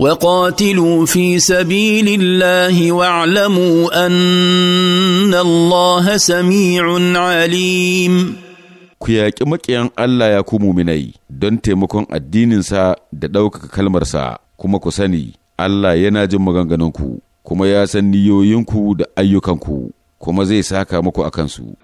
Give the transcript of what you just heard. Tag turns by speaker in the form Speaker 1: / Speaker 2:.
Speaker 1: وقاتلوا في سبيل الله واعلموا ان الله سميع عليم
Speaker 2: ku yaƙi maƙiyan Allah ya ku muminai don taimakon addininsa da ɗaukaka kalmarsa kuma ku sani Allah yana jin maganganunku kuma ya san niyoyinku da ayyukanku
Speaker 3: kuma zai saka muku a kansu.